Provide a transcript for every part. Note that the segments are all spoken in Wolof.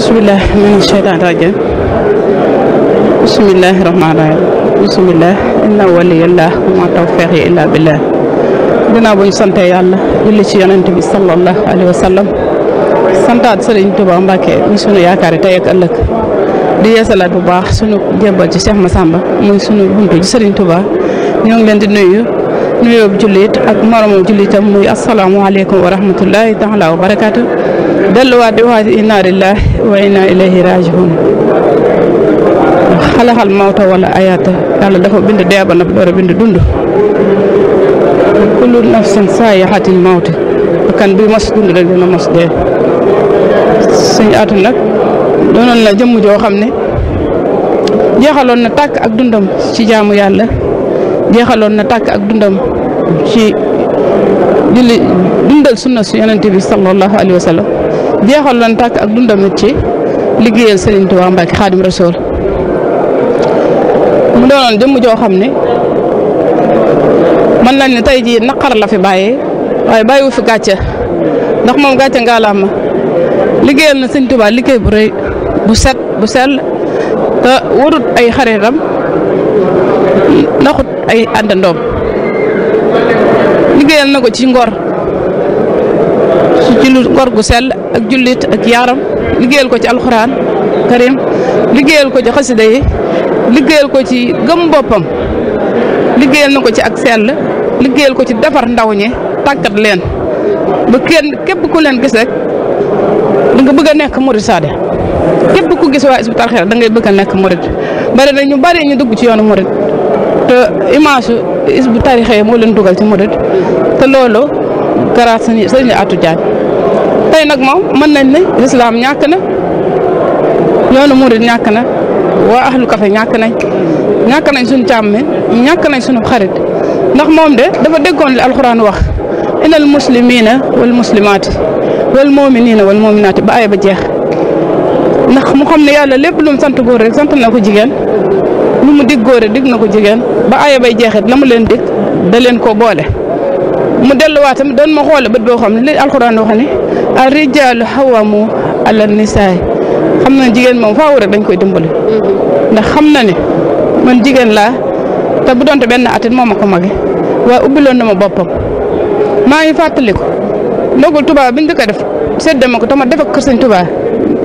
bismillah min shaytaan rajim bismillahi rahmaan rahim bismillah inna waliyallah ma tawfiqi illa billah dinaa buñ sante yàlla julli ci yonent bi sallallahu alayhi wa sallam santaat Sëriñ Tuubaa Mbàkke mi sunu yaakaari tey ak ëllëg yeesalaat bu baax sunu jébbal ci Cheikh Massamba muy sunu buntu ci Sëriñ Tuubaa ñoo ngi leen nuyu nuyoob jullit ak moromu jullitam muy asalaamualeykum wa rahmatullahi taala wa barakaatu delluwaat di waxaat inna lillahi wa inna ilayhi rajiun xalaxal mawta wala ayaata yàlla dafa bind dee ba noppi door a bind dund kullu nafsin saayaxatil mawti bakkan bi mos dund rek dina mos dee suñu atu nag doonoon na jëmm joo xam ne jeexaloon na tàkk ak dundam ci jaamu yàlla jeexaloon na tàkk ak dundam ci julli dundal sunna su yonent bi sallallahu alayhi wa sallam jeexaloon na tàkk ak dundam ci liggéeyal Serigne Touba Mbacke Xaadim Rasool mu doonoon jëmm joo xam ne mën nañ ne tey jii naqar la fi bàyyee waaye bàyyiwu fi gàcce ndax moom gàcce ngaalaama liggéeyal na Serigne Touba liggéey bu rëy bu set bu sell te warut ay xaritam naxut ay àndandoom liggéeyal na ko ci ngor ci lu ngor gu sell ak jullit ak yaram liggéeyal ko ci alxuraan karim liggéeyal ko ci xasida yi liggéeyal ko ci gëm boppam liggéeyal na ko ci ak sell liggéeyal ko ci defar ndaw ñi tàggat leen ba kenn képp ku leen gis rek nga bëgg a nekk Murid Saade képp ku gis waa Hizbut Tarqiyyah da ngay bëgg a nekk murid bari na ñu bari ñu dugg ci yoonu murid te image Hizbut Tarqiyyah moo leen duggal ci murid te loolu grâce sëñ sëñ Atou Diagne tey nag moom mën nañ ne lislaam ñàkk na yoonu murid ñàkk na waa ahlu kafe ñàkk nañ ñàkk nañ suñu càmme ñàkk nañ suñu xarit ndax moom de dafa déggoon li alxuraan wax inal muslimiina wal muslimaati wal mu'miniina wal mu'minaati ba ay ba jeex ndax mu xam ne yàlla lépp lu mu sant góor rek sant na ko jigéen lu mu dig góor dig na ko jigéen ba aaya bay jeexit la mu leen dig da leen ko boole mu delluwaatam doon ma xoole bët boo xam ne li alxuraan wax ne ar-rijaalu xawamu ala nisaay xam na jigéen moom faaw rek dañ koy dimbali ndax xam na ne man jigéen laa te bu doonte benn atit moom ma ko mage waaye ubbiloon na ma boppam maa ngi fàttaliku ndogul tubaab biñ ko def sedde ma ko tama def ak kër sëñ tubaab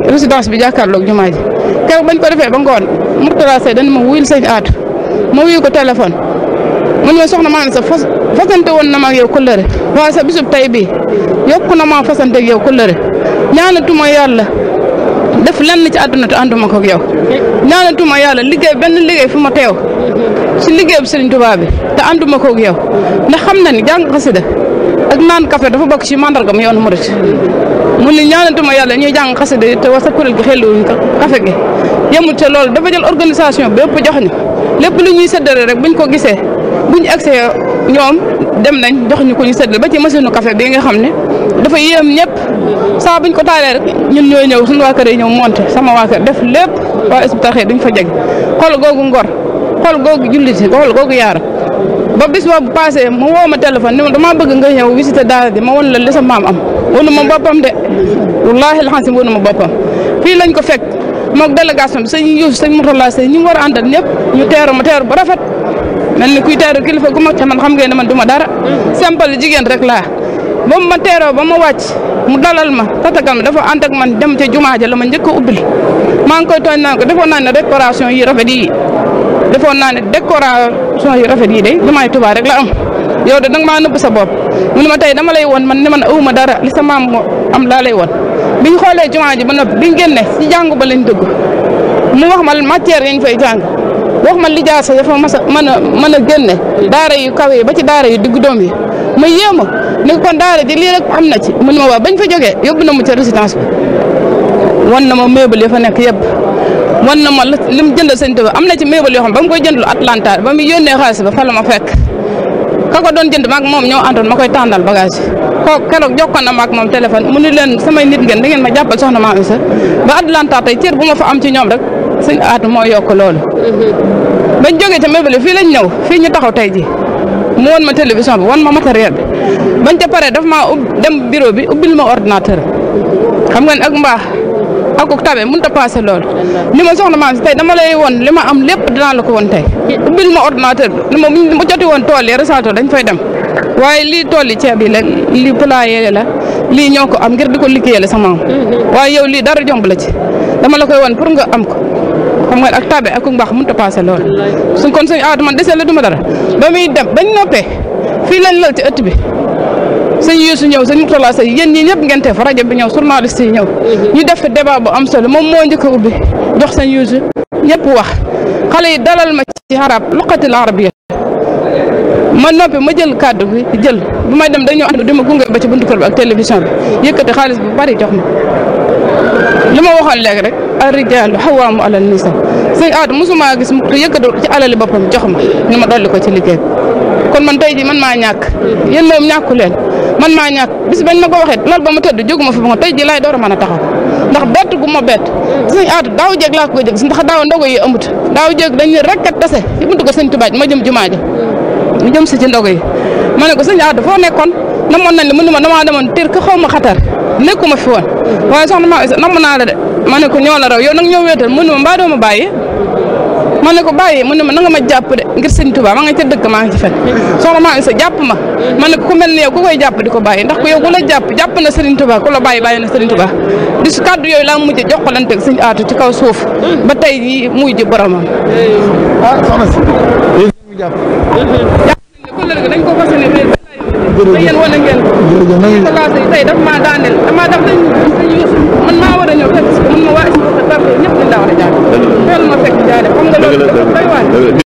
résidence bi jàkkaarloog jumaa ji keroog bañ ko defee ba ngoon Mourtala Seye dañ ma wuyul sëñ aatu ma wuyu ko téléphone mu soxna maa sa fas fasante woon na ma ak yow kóllëre sa bisub tay bii yokku na ma fasante ak yow kóllëre ñaanatuma yàlla def lenn ci àdduna te ànduma ko ak yow ñaanatuma yàlla liggéey benn liggéey fu ma teew si liggéey bi sëriñ Tuubaa bi te ànduma ko ak yow ndax xam na ni jàng xasida ak naan café dafa bokk ci mandarga mu yoonu murit mu ne ñaanantuma yàlla ñuy jàng xasida yi te wa sa kuréel gi xelluwuñ ko kafe gi yemul te loolu dafa jël organisation bépp jox ñu lépp lu ñuy séddale rek bu buñ ko gisee bu ñu agsee ñoom dem nañ jox ñu ko ñu séddale ba ci machine kafe bi nga xam ne dafa yéem ñëpp saa buñ ko taalee rek ñun ñooy ñëw suñu waa kër yi ñëw monté sama waa kër def lépp waa Hizbut Tarqiyyah duñ fa jeg xool googu ngor xool googu jullit xool googu yaaram ba bis boobu passé mu woo ma téléphone ni ma a bëgg nga ñëw visité daara di ma won la li maam am wonu ma boppam de wallaahi alxasim wonu ma boppam fii lañ ko fekk moog délégation bi sëñ Yuuf sëñ Mourtala sëñ ñu war a àndal ñëpp ñu teeru ma teeru bu rafet mel ni kuy teeru kilifa gu mag ca man xam ngeen ne man du ma dara mm. simple jigéen rek laa ba ma teeroo ba ma wàcc mu dalal ma tatagal ma dafa ànd ak man dem ca jumaa ja la ma njëkk a ubbil ma ngi koy tooñ naan ko defoon naa ne décoration yi rafet yi defoon naa ne décoration yi rafet yi de jumaay Tuubaa rek la am yow de danga maa nëbb sa bopp mu ne ma tey dama lay woon man ne man awuma dara li sa maam moo am laa lay woon biñ xoolee jumaa ji ba noppi bi génne si jàngu ba lañ dugg mu wax ma matière yañ fay jàng wax ma lijaasa ya fa mën a mën a génne daara yi kawe ba ci daara yu diggu doom yi ma yéem a ne ko kon daara ji lii rek am na ci mun ma waa bañ fa jogee yóbbu na mu ca résidence bi wan na ma meuble yi fa nekk yëpp wan na ma li mu jëndal sëñ Tuubaa am na ci meuble yoo xam ba mu koy jënd lu Atlanta ba mu yónnee xaalis ba fa la ma fekk ka ko doon jënd maag moom ñoo àndoon ma koy tàndal bagage koo keroog jokkoon na maag moom téléphone mu ni leen samay nit ngeen da ngeen ma jàppal soxna maa sa ba Atlanta tey cër bu ma fa am ci ñoom rek sëñ aat moo yokk loolu mm-hmm. bañ jógee ca meuble fii lañ ñëw fii ñu taxaw tey ji mu won ma télévision bi won ma matériel bi bañ ca paree daf maa dem bureau bi ubbil ma ordinateur xam nga ne ak mbaax ak ak tabe mënut a passé loolu li ma soxna maam si tey dama lay woon li ma am lépp dinaa la ko woon tey ubbil ma ordinateur bi ma mu joti woon tool yi Risaato dañ fay dem waaye lii tool yi ceeb yi la lii poulailler la lii ñoo ko am ngir di ko liggéeyale sama am mm-hmm. waaye yow lii dara jomb la ci dama la koy woon pour nga am ko. xam nga ak tabe ak mbaax mun a passé lool suñ kon suñu aadama dese la duma dara ba muy dem bañ noppee fii lañ lal ci ëtt bi sëñ Youssou ñëw sañ Moutalla Seye yéen ñi ñëpp ngeen teef rajo bi ñëw journaliste yi ñëw ñu def fi débat bu am solo moom moo njëkk a ubbi jox sëñ Youssou ñëpp wax xale yi dalal ma ci arab luqatil ya ma noppi ma jël kàddu bi jël bu may dem dañoo ànd di ma gunge ba ci buntu kër bi ak télévision bi yëkkati xaalis bu bari jox ma li ma waxoon léegi rek arrijaalu xawwaamu alal nisa sëñ aada mosuma gis mu yëkkatu ci alali boppam jox ma ni ma dolli ko ci liggéey kon man tey jii man maa ñàkk yéen moom ñàkku leen man maa ñàkk bis bañ ma ko waxee loolu ba ma tëdd jóguma fi ma tey jii laay door a mën a taxaw ndax bett gu ma bett sëñ aada daaw jéeg laa ko jëg ndax daaw ndogo yi amut daaw jéeg dañuy rek a tase fi buntu ko sëñ tubaaj ma jëm jumaa ja ma jëm si ci ndogo yi ma namoon nañ la na ma damaa demoon tir ka xaw ma xatar nekkuma fi woon waaye soxna maa isa namm naa la de ma ne ko ñoo la raw yow nag ñoo wéetal mënu ma mbaa doo ma bàyyi ma ne ko bàyyi mu ne ma na nga ma jàpp de ngir sëñ Tuubaa ma nga ca dëkk maa ngi ci fen soxna maa isa jàpp ma ma ne ko ku mel ni yow ku koy jàpp di ko bàyyi ndax ku yow ku la jàpp jàpp na sëriñ Tuubaa ku la bàyyi bàyyi na sëriñ Tuubaa di su kàddu yooyu laa mujj jokkalanteeg sëñ aatu ci kaw suuf ba tey yi muy ji boromam ah, jërëjëf yéen wane ngeen ko. jërëjëf na ngeen ko laajte tey daf maa daaneel damaa daf dañ dañ yuusu man maa war a ñëw man ma waa si parce que ñëpp dañ daa war a jaay. dëgg la fekk jaay xam nga loolu dafa doy